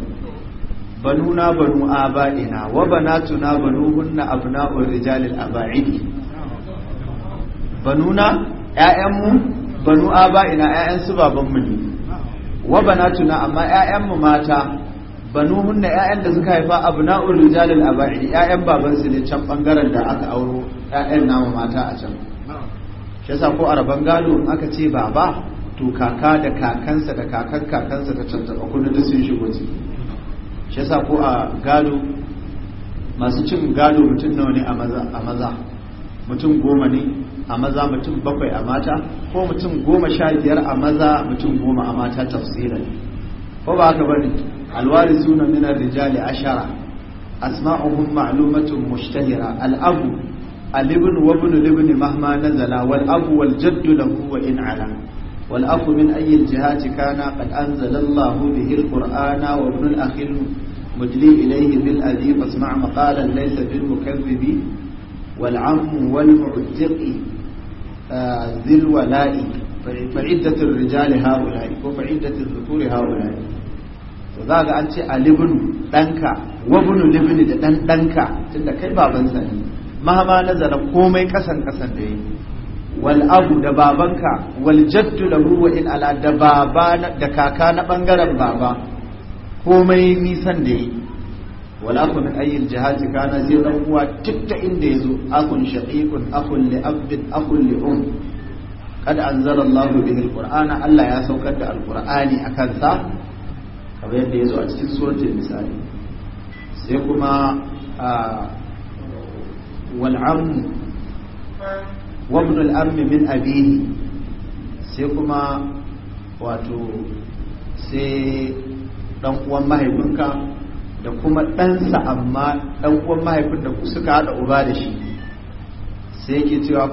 banuna banu aba'ina wa banatuna banuhunna abna'ur rijalil aba'idi banuna ƴaƴanmu banu aba'ina ƴaƴan su mu ne wa banatuna amma ƴaƴanmu mata banuhunna ƴaƴan da suka haifa abna'ur rijalil aba'idi ƴaƴan su ne can bangaren da aka auro ƴaƴan namu mata a can shi yasa ko araban gado in aka ce baba to kaka da kakansa da kakan kakansa da can taɓa duk sun shigo ciki shi yasa ko a gado masu cin gado mutum nawa ne a maza mutum goma ne a maza mutum bakwai a mata ko mutum goma sha biyar a maza mutum goma a mata tafsirin ko ba haka bane alwari suna minar rijali ashara asma'uhum ma'lumatun mushtahira al'abu alibin wa ibn libni mahma nazala wal abu wal jaddu lahu wa in ala wal abu min ayyi jihati kana qad anzala Allahu bihi al-qur'ana wa ibn al-akhil مجلي إليه بالأذي فاسمع مقالا ليس بالمكذب والعم والمعتق ذي الولاء فعدة الرجال هؤلاء وفعدة الذكور هؤلاء وذاك أنت الابن دنكا وابن الابن دنكا تلك كيف بابن سنين مهما نزل قومي كسن كسن دي والأب دبابنكا والجد له وإن على دبابا دكاكا نبنغرم بابا komai nisan da yi wala kun ayyul jihati kana zai dan uwa duk ta inda yazo akun shaqiqun akun li abdin akun li um kad anzala Allah bihi alqur'ana Allah ya saukar da alqur'ani akan sa kamar yadda yazo a cikin suratul misali sai kuma wal am wa ibn al am min abihi sai kuma wato sai dan uwan mahaifinka da kuma ɗansa amma dan uwan mahaifin da suka haɗa uba da shi sai yake cewa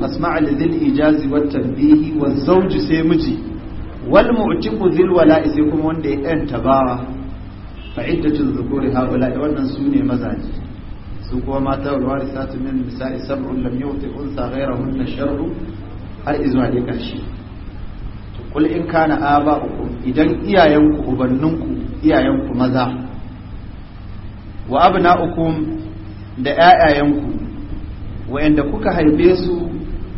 fasma'a lidil ijazi wa tanbihi wa zawji sai miji wal mu'tiqu zil wala'i sai kuma wanda ya ɗan tabawa fa iddatu dhukuri haula wannan sune mazaji su kuma mata wal warisatu min nisa'i sab'un lam yuti unsa ghayrahunna sharru har izuwa dai karshe kul in kana aba'ukum idan iyayenku ubanninku iyayenku maza wa abna'ukum da ƴaƴayenku wa'anda kuka haife su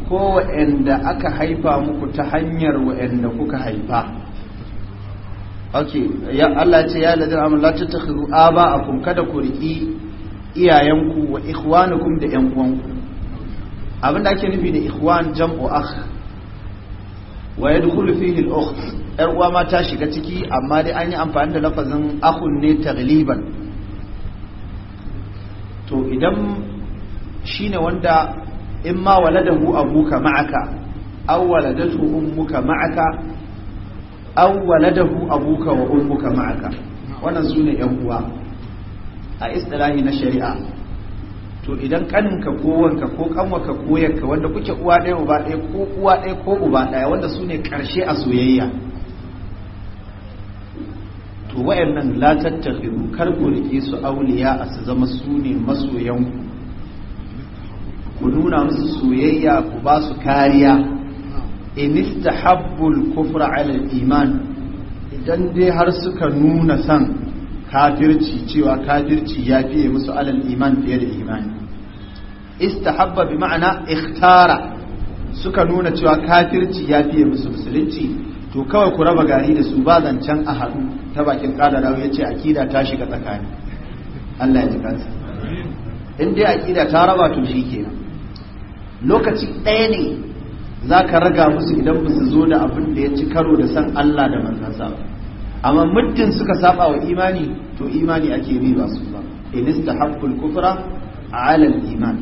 ko wa'anda aka haifa muku ta hanyar wa'anda kuka haifa okay ya Allah ce ya ladin amal la tattakhidhu aba'akum kada ku riki iyayenku wa ikhwanukum da ƴan uwanku abinda ake nufi da ikhwan jam'u akh wa ya yadkhulu fihi al-ukht yar uwa ma ta shiga ciki amma dai an yi amfani da lafazin akhun ne tagliban to idan shine wanda in ma waladahu abuka ma'aka aw waladatu ummuka ma'aka aw waladahu abuka wa ummuka ma'aka wannan sune yan uwa a istilahi na shari'a to idan kaninka ko wanka ko kanwaka ko yanka wanda kuke uwa ɗaya uba ɗaya ko uwa ɗaya ko uba ɗaya wanda su ne ƙarshe a soyayya to wayannan la tattakhidu kar ku rike su auliya a su zama su ne masoyan ku nuna musu soyayya ku ba su kariya in istahabbul kufra ala iman idan dai har suka nuna san kafirci cewa kafirci ya fiye musu alal iman fiye da imani istahabba bi ma'ana ikhtara suka nuna cewa kafirci ya fiye musu musulunci to kawai ku raba gari da su ba zancen a haɗu ta bakin kadarawa ya ce akida ta shiga tsakani Allah ya ji kansa in dai akida ta raba to shi kenan lokaci ɗaya ne za ka raga musu idan ba su zo da abin da ya ci karo da san Allah da manzansa ba amma muddin suka saba wa imani to imani ake bi ba su ba in haqqul kufra ala iman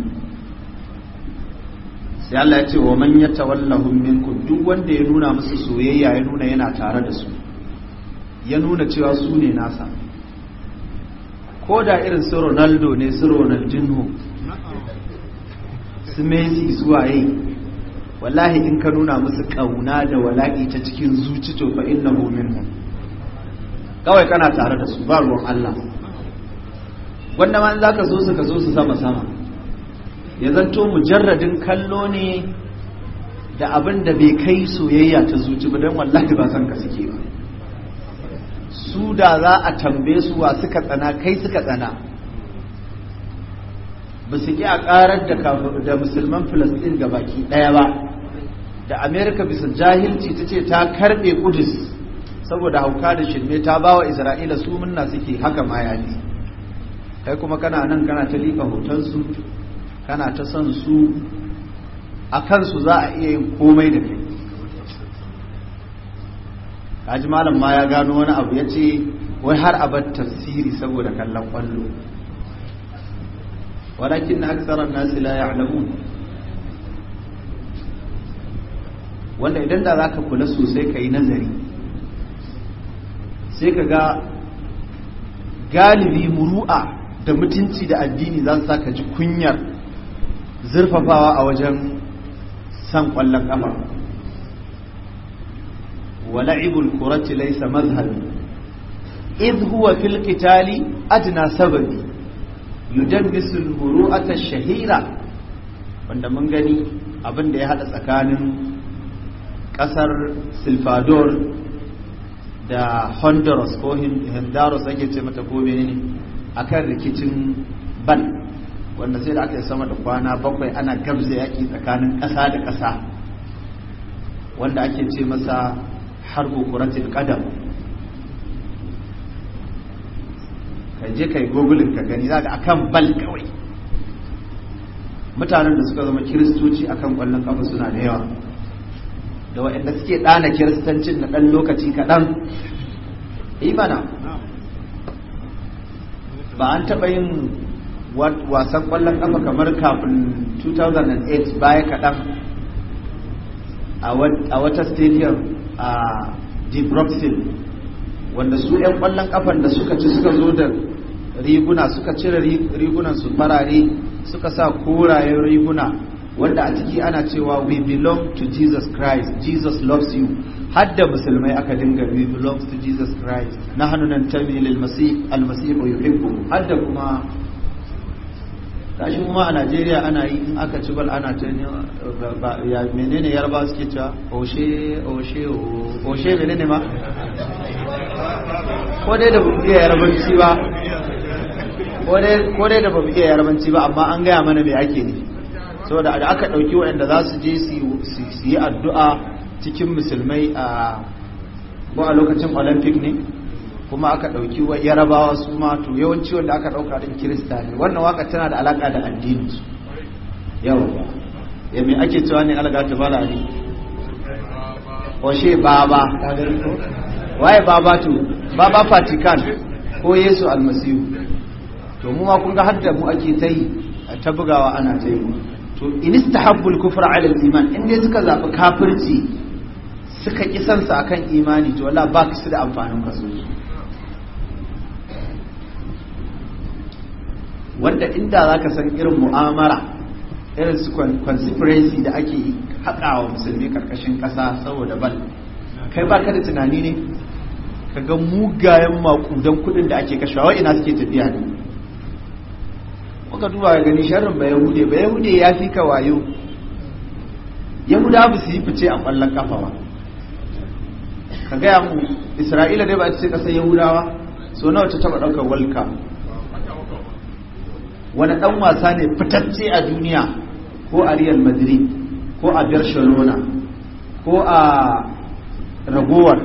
sai Allah ya ce wa man yatawallahum minkum duk wanda ya nuna musu soyayya ya nuna yana tare da su ya nuna cewa su ne nasa ko da irin su Ronaldo ne su Ronaldinho su Messi su waye wallahi in ka nuna musu kauna da wala'i ta cikin zuci to fa innahu minhum kawai kana tare da su ba ruwan Allah wanda ma za ka zo su ka zo su sama sama ya zanto mujarradin kallo ne da abin da bai kai soyayya ta zuci ba don wallahi ba san ka suke ba su da za a tambaye su wa suka tsana kai suka tsana ba su ki a karar da musulman filistin ga baki ɗaya ba da amerika bisa jahilci ta ce ta karɓe kudus saboda hauka da shirme ta bawa isra'ila su munna suke haka ma ya ne kai kuma kana nan kana ta liƙa hotonsu kana ta son su a kansu za a iya yin komai da kai kaji malam ma ya gano wani abu ya ce wai har a bar tafsiri saboda kallon kwallo walakin na aksarar nasi la wanda idan da za ka kula sosai ka yi nazari sai ka ga galibi muru'a da mutunci da addini za su saka ji kunyar zurfafawa a wajen san kwallon kafa wala'ibul kurati laysa mazhabi iz huwa fil qitali adna sababi yujabbisu muru'ata shahira wanda mun gani abin da ya hada tsakanin kasar silfador da honduras ko honduras ake ce mata ko ne akan rikicin ban wanda sai da aka yi sama da kwana bakwai ana gamsa yaki tsakanin ƙasa da ƙasa wanda ake ce masa har kuratul qadam ka je kai gogulin ka gani za akan bal kawai mutanen da suka zama kiristoci akan kwallon kafa suna da yawa da waɗanda suke ɗana kiristancin na ɗan lokaci kaɗan eh, mana ba an taɓa yin wasan ƙwallon ƙafa kamar kafin 2008 baya kaɗan a wata stadium a deep wanda su 'yan ƙwallon ƙafan da suka ci suka zo da riguna suka cire rigunan su farare suka sa korayen riguna wanda a ciki ana cewa we belong to Jesus Christ Jesus loves you hadda musulmai aka dinga we belong to Jesus Christ Na nahnu nantami lil masih al masih yuhibbu hadda kuma kashi kuma a Najeriya ana yi in aka ci bal ana ta ya menene yarba suke cewa oshe oshe oshe menene ma ko dai da bamu iya yarbanci ba ko dai da bamu iya yarbanci ba amma an gaya mana me ake ne saboda da aka ɗauki waɗanda za su je su yi addu'a cikin musulmai a ko a lokacin olympic ne kuma aka ɗauki wa yarabawa su ma to yawanci wanda aka ɗauka din kirista ne wannan waka tana da alaƙa da addini su yawa ya mai ake cewa ne alaka ta bala ne washe baba waye baba to baba fatikan ko yesu almasihu to mu ma kun ga hadda mu ake ta yi ta bugawa ana ta yi to in istahabbul kufra ala iman in dai suka zabi kafirci suka ki san sa akan imani to wallahi ba su da amfanin kaso wanda inda zaka san irin mu'amara irin su conspiracy da ake wa musulmi karkashin ƙasa saboda bal kai ba ka da tunani ne ka ga mugayen makudan kuɗin da ake kashewa ina suke tafiya ne muka duba ga gani sharrin ba yahude ba yahude ya fi ka wayo yahuda ba su yi fice a kwallon kafa ba ka gaya mu isra'ila dai ba ce kasar yahudawa so nawa ta taɓa ɗaukar walka wani ɗan wasa ne fitacce a duniya ko a real madrid ko a barcelona ko a ragowar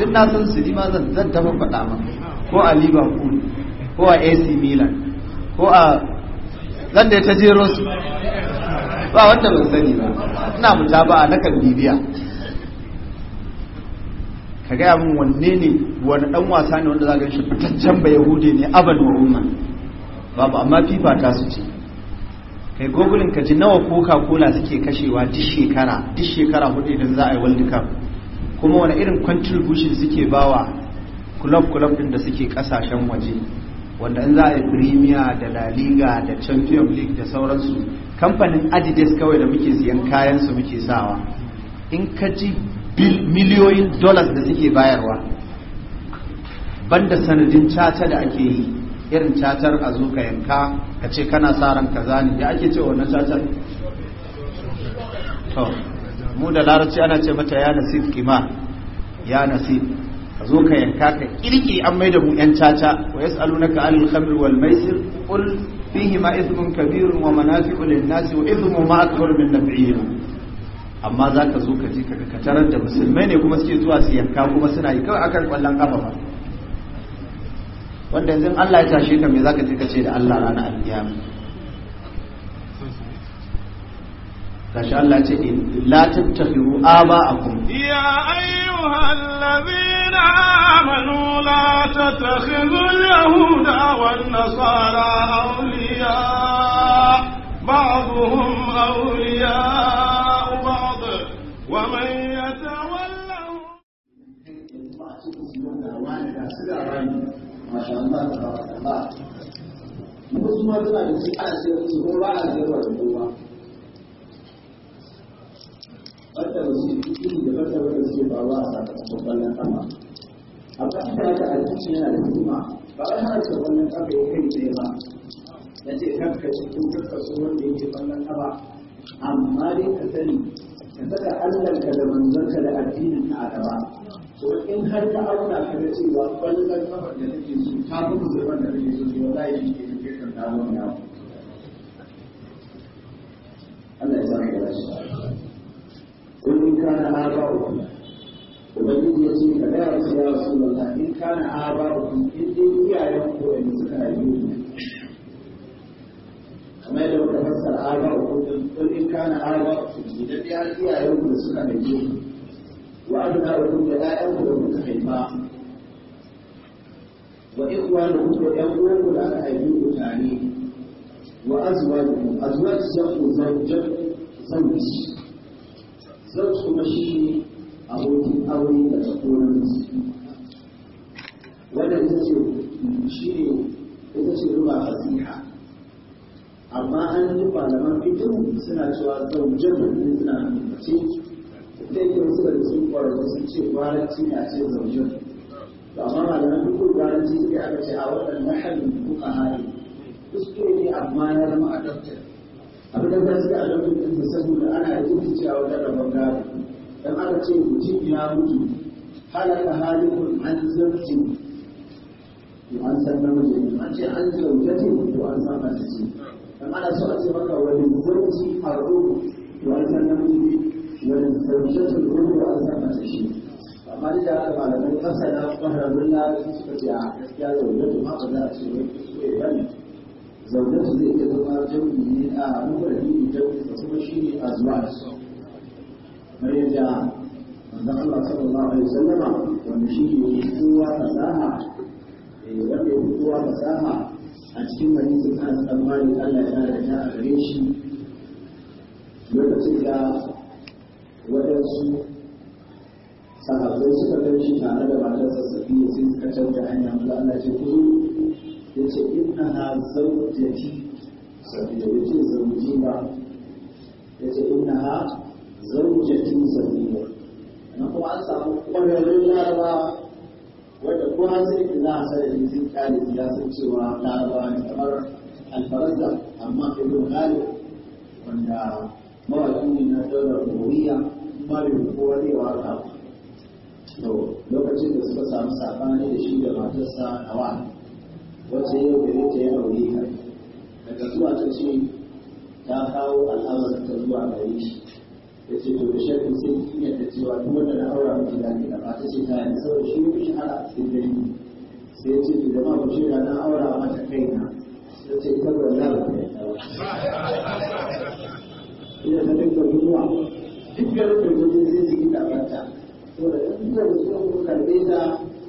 duk na san su ma zan zan taɓa faɗa ma ko a liverpool ko a AC Milan ko a zan da ta je Rossi ba wanda ban sani ba ina ba na kan bibiya ka gaya min wanne ne wani dan wasa ne wanda za ka shi fitaccen ba yahudi ne aban wa umma babu amma fifa ta su ce kai gogulin ka ji nawa coca cola suke kashewa duk shekara duk shekara hudu idan za a yi world cup kuma wani irin contribution suke bawa club club din da suke kasashen waje wanda in za a yi premier da la liga da champion league da sauransu kamfanin adidas kawai da muke siyan kayan su muke sawa in ka ji miliyoyin dollars da suke bayarwa banda sanadin caca da ake yi irin cacar a zo ka yanka ka ce kana sa ran kaza ne da ake cewa wannan cacar to mu da larabci ana ce mata ya nasib kima ya nasib ka zo ka yanka ka kirki an mai da mu yan caca wa yas'alunaka anil khamri wal maisir qul fihi ma ithmun kabirun wa manafi'u lin nasi wa ithmu ma akbar min naf'ihim amma za zo ka ji ka katarar da musulmai ne kuma suke zuwa su yanka kuma suna yi kawai akan kwallon kafa ba wanda yanzu Allah ya tashe ka me zaka je ka ce da Allah ranar alkiyama gashi Allah ce la tattakhiru aba'akum ya ayyuhal ladhina amanu la tattakhidhu yahuda wan nasara awliya ba'dhum awliya ba'd wa man yatawallahu Musu ma tana da ci a siyar su ba a siyar wa kowa. fatar su da fatar da suke faruwa a sakamakon kwallon sama a bakin da aka alkici yana da hikima ba a hana ta kwallon kafa ya kai tsaye ba na ce kanka ci ko kanka so wanda yake kwallon kafa amma dai ka sani ka saka allahnka da manzanka da addinin ka a gaba to in har ka auna ka da cewa kwallon kafa da take so ta fi musulman da take so to wallahi shi ke kake kan dawo ne Allah ya sa ka dace قل إن كان ubangiji ya ce ka gaya su ya su wata in kana abaru in dai iyayen ko in suka rayu kamar yadda muka fassara abaru din in kana abaru idan dai har iyayen ku suka rayu wa adna ku da ƴaƴan ku da kuka haifa wa ikwanu ku da ƴan ku da aka haifi ku tare wa azwajukum azwaj jam'u zawj zawj zan kuma shi ne abokin aure da tsoron wannan ita ce shi ne ita ce ruba fasiha amma an yi malaman fitin suna cewa zaujen ne suna mace ta yi wasu da sun kwararru sun ce gwaranci na ce zaujen amma malaman fitin gwaranci ne aka ce a waɗannan halin kuka hari kuskure ne amma ya zama adaptar abin da ta suka alamun ɗinsa saboda ana jirkice a wajen rabon gado don aka ce mutum ya mutu halaka halin an zarjin to an san namiji an ce an zaujati to an san mace ce don ana so a ce maka wani zauji a rubu to an san namiji wani zaujati rubu an san mace ce amma duk da haka malamai masana mahararrun na suka ce a gaskiya zaujati ma ba za a ce wani kuskure ya ne zaune su zai iya zama jami'i ne a mubarri ne jami'i da kuma shi ne a zuwa kamar yadda manzon Allah sallallahu alaihi wasallam wanda shi ne kowa fasaha eh, wanda ya kowa fasaha a cikin hadisin Anas bin Malik Allah ya yarda a gare shi lokacin da wadansu, sahabbai suka gan shi tare da matarsa safiya sai suka canza hanya Allah ya ce ku Yace inna ha zawjati saboda Yace ce zaujina ya ce inna ha zaujatin sabiya na kuma an samu ƙwararrun larabawa wanda ko an sai da sai in sarari sun kare ya san cewa larabawa ne kamar alfarza amma ibn ghalib wanda mawaƙi ne na daular ruwiya mara kowa wa ta to lokacin da suka samu sabani da shi da matarsa hawa wacce yau da ta ya aure ka daga zuwa ta ce ta kawo al'amar ta zuwa gare shi ya ce to da shakku sai kinya da cewa duk wanda na aura miki da ni ba ta ce ta yi saboda shi yau shi cikin dani sai ya ce to da ma ku ce da na aura mata kaina sai ce ita za ta yi ina ta zuwa duk garin da ta je sai gida saboda duk da su ta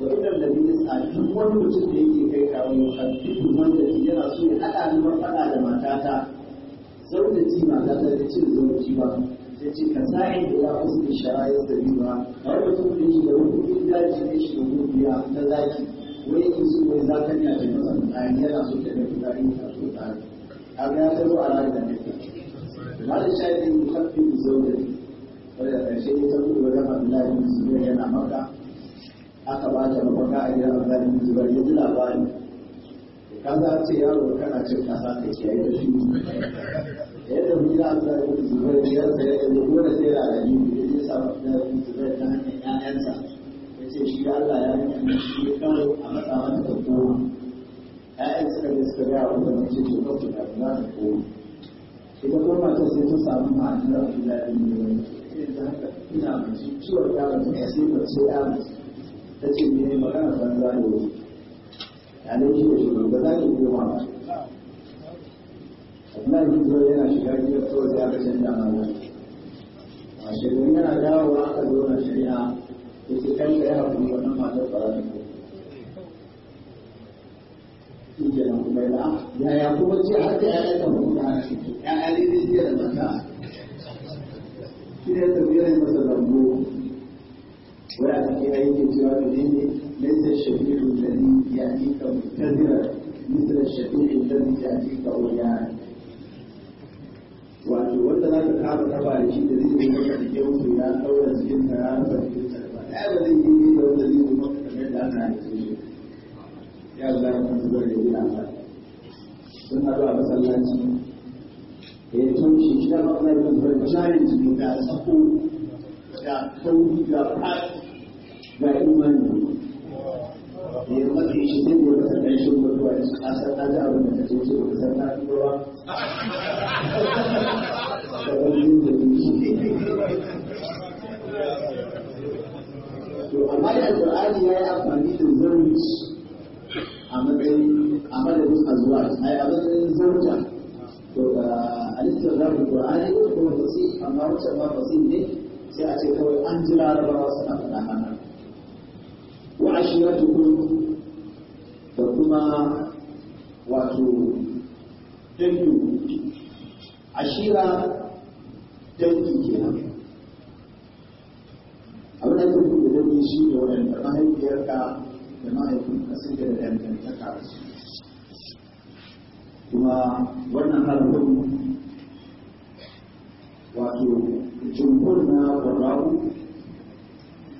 وإن الذي يسعى duk wani mutum da yake kai kawo ya haddidu wanda yana so ya haɗa ni mafaɗa da matata Sau da zaunaci ta da ce zaunaci ba ta ce ka sa'in da ya fusu da shara'a da riba a wani mutum da yake da rukun daji ne shi da gobiya na zaki wani yake so wai zakanya da masa mutane yana so ta da fitari ta so ta a ga ya zaro a ranar da nake malin shafi mutum da zaunaci wadda ƙarshe ya zaro da wajen abdullahi musulmi yana maka aka ba ta mafaka a gidan azalin zubar ya ji labari ka za ce yaro kana cin kasa ka kiyaye da shi yadda mu gida azalin zubar ya sayar da zubar da sai rarrabi ya je samu azalin zubar ta hanyar ƴaƴansa ya ce shi Allah ya yi kan shi kawai a matsa mata da ƴaƴan suka ta suka gaya wa da mace ce ta za ta kowa ta ko ta sai ta samu ma'anar Abdullahi ne ya ce da haka ina mai ciwon yaron da sai ba yaron ta ce me magana ban za ne wuri a nan shi ne shugaban ba za ne biyo ma ba Abdullahi bin Zubair yana shiga gidan kawai da aka canza canja mana a shirin yana a aka zo na shirya ya ce kan ka yi hakuri wannan matar ba za ta ko shi ke nan kuma yana ah, yaya kuma ce har da ya'ya kan mutum ana shi ya'ya ne zai da mata shi ne tafiyar masa lambu ويأتي في أي كتاب ليس الشفيع الذي يأتيك مبتدرا مثل الشفيع الذي يأتيك عريانا wato wanda za ka kama kafa da shi da zai yi maka da kyau ya ɗaura cikin sa ya rufa cikin sa ba ɗaya ba zai yi da wanda zai yi maka kamar da aka haife shi ya Allah ya kan zubar da yi a ba sun haɗu a masallaci da ya taushe shi da ba za ka zubar da shayin jini da tsako da kauri da fasi na imani eh, da ya mace shi ne ko amma wancan ma fasih ne sai a ce kawai an ji larabawa suna faɗa hana wa ashiratukum da kuma wato dandu ashira dandu kenan abin da ke kuma dandu shi ne wadanda mahaifiyarka da mahaifinka suke da dangantaka da su kuma wannan wato jumhur na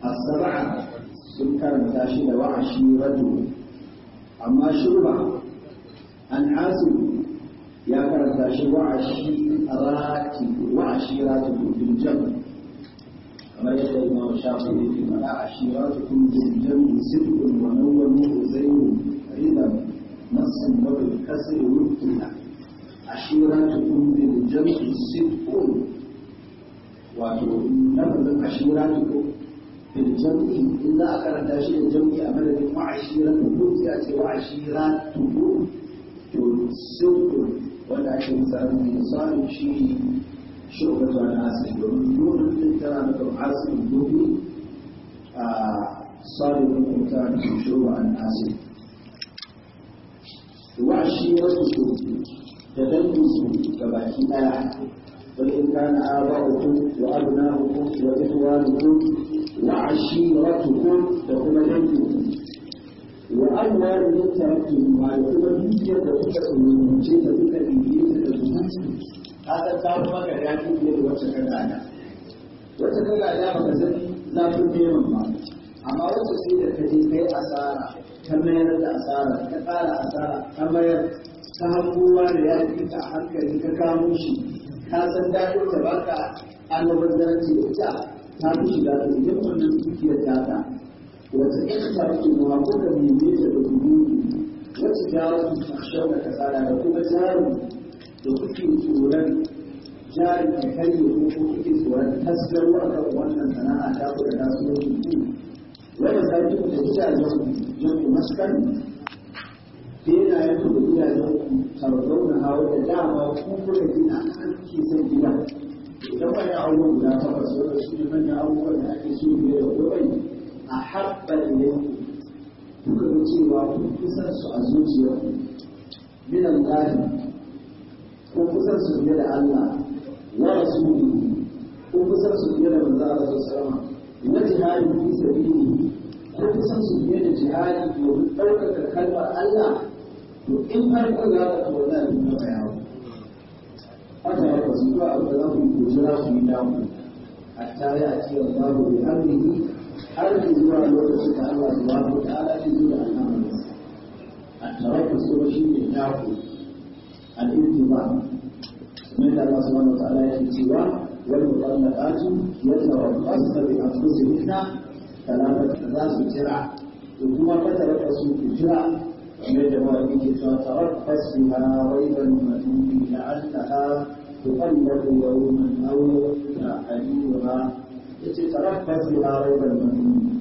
a sun karanta shi da wa'ashi radu amma shurba an hasu ya karanta shi wa'ashi rati wa'ashi wa'ashiratu bil jam kamar yadda imam shafi yake faɗa ashiratu bil jam sidqun wa nawwanu zainu ridan nassin wa bil kasri rukna ashiratu bil jam sidqun wato nafazin ashiratu بالجمع إلا أكرت شيء الجمع أمدد وعشيرتكم سيأتي وعشيراتكم تنسكم ولكن سألني شيء شعبة عن عاصم ومن أن ترى لكم عاصم الدوبي صار لكم كان شعبة عن عاصم وعشيرتكم تدنسوا كباكي آية فإن كان آباؤكم وأبناؤكم وإخوانكم وعشيرتكم وكما يمكنكم وأموال اتركتم وكما يمكن تتركوا من وجهة تلك هذا كان مكة يعني بيد وتكل على وتكل مكزن لا تبين ما أما وتسير كذي كي أسارة كما يرد أسارة كقال أسارة كما يرد ta hankowa da ya fi ta hankali ka san ta da ba ka annabar ce da ita ta fi shiga da yin wannan dukiyar ta wata in ta fi ma ko da mai ne da dubu wata ta wasu fashon da kasala da kuma jari da kuke tsoron jari da kai ko ko kuke tsoron hasken wata wannan sana'a ta ku da nasu ne wanda ta fi da ita yau yau maskan benayen ku da gidajen ku sarrafau na hawa da dama ku kuka gina an kuke son gida idan ba ya aure guda takwas wanda su ne manyan abubuwan da ake so biye da kowai a haɓɓa ilayku kuka ga cewa kun fi son su a zuciya zuciyarku min Allah ko kusan su fiye da Allah wa rasuluhu ko kusan su fiye da manzo Allah sallallahu Na wasallam jihadi fi sabilihi ko kusan su fiye da jihadi domin ɗaukaka kalmar Allah to in har kan ya da kuma da ni ba haka ya kasu ba abu da ku yi jira ku yi damu a tare a cikin babu bi arziki arziki zuwa lokacin da Allah subhanahu ta'ala ya zuwa al'amarin a tare ku so shi ne daku al'intiba kamar da Allah subhanahu ta'ala ya cewa wal mutallaqatu yatawaffasna bi anfusihinna talaka za su jira to kuma kada su jira بجوابك بها ريب المجنون لعلها تقلب يوما او يلقى حليمها بها ريب المجنون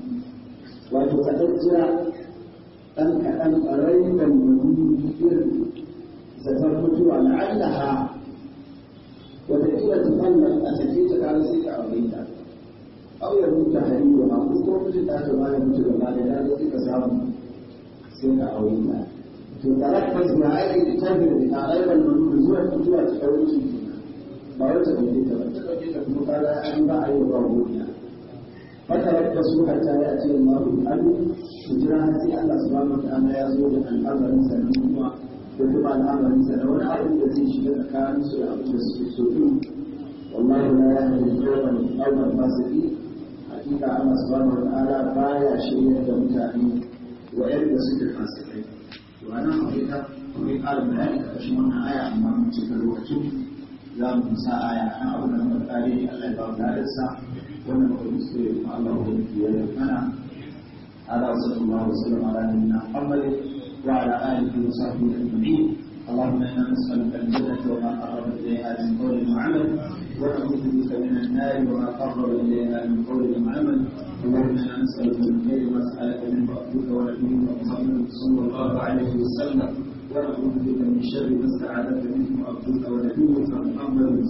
وتتأجى أنك أن ريب المجنون ستفوت لعلها وتكيل تقلب أتكيت على سيك عظيمة أو يموت حليمها فسوف تتأتى ما يموت بعد ذلك فسامه sai a aure ta to da aka kai zuwa aiki da tabbin da ta aika da zuwa zuwa ta aure ba wai ta dauke ta ba ta dauke ta ba a yi wa gobiya fatarar da su hatta ya ce ma bin alu su jira sai Allah subhanahu wa ya zo da al'amarin sa kuma ko kuma al'amarin sa wani abu da zai shiga tsakanin su da abin da suke so din wallahi na yahdi al-qawma al-qawma al hakika Allah subhanahu wa baya shirya da mutane waɗanda suke fasikai to a nan akwai ta bayani a ƙarshen wannan aya amma mun ce ta lokacin za mu sa aya kan abu da muka kare Allah ya ba mu ladarsa wannan ba mu suke kuma Allah ya yi ya mana ala sallallahu alaihi wasallam ala nabiyina Muhammad wa ala alihi wa sahbihi ajma'in اللهم انا نسالك الجنه وما قرب اليها من قول وعمل ونعوذ بك من النار وما قرب اليها من قول وعمل اللهم انا نسالك من خير ما سالك منه عبدك ونبيك محمد صلى الله عليه وسلم ونعوذ بك من شر ما استعاذك منه عبدك ونبيك محمد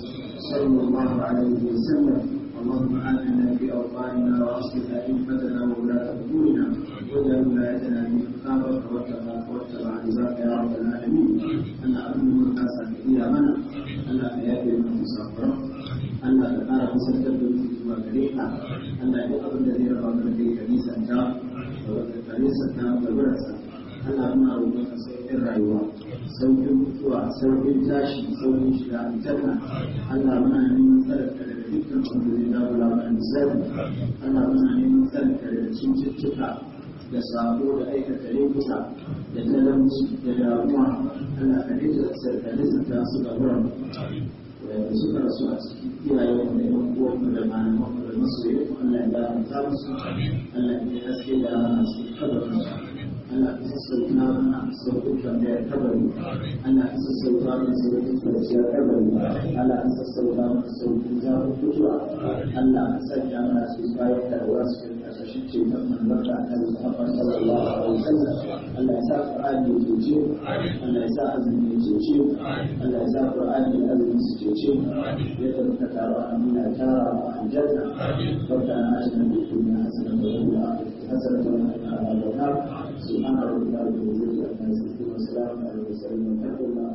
صلى الله عليه وسلم اللهم آمنا في أوطاننا وأصلح أئمتنا وولاة أمورنا واجعل ولايتنا من خافك واتبع رضاك يا رب العالمين أن أمن من قاسك إيامنا أن أحياء من تسافرك Allah ka ƙara kusantar da mutum zuwa gare ka Allah duk abin da zai raba mana kai ka nisanta ka nisanta barbararsa Allah muna roƙon ka sauƙin rayuwa sauƙin mutuwa sauƙin tashi sauƙin shiga aljanna Allah muna neman tsararka daga dukkan abin da zai dagula mana Allah muna neman tsararka daga cututtuka da sabo da aikata yin kusa da talauci da damuwa Allah ka ta su ga wurin da a cikin iyayen da da malaman da masoyi Allah ya ba ta musu Allah ya haske da Allah ya sassauta mana sauƙin kabari Allah ya sassauta mana sauƙin kwanciyar kabari Allah ya sassauta mana sauƙin zafin mutuwa Allah ya sanya mana su bayan shi ke nan manzanta annabi Muhammad sallallahu alaihi wasallam Allah ya sa Qur'ani ya cece Allah ya sa azumi ya cece Allah ya sa Qur'ani ya azumi su cece mu yadda muka taru a muna tara mu aljanna rabbana atina fid dunya hasanatan wa fil akhirati hasanatan wa qina adhaban nar subhana rabbika rabbil izzati amma yasifun wa salamun alal mursalin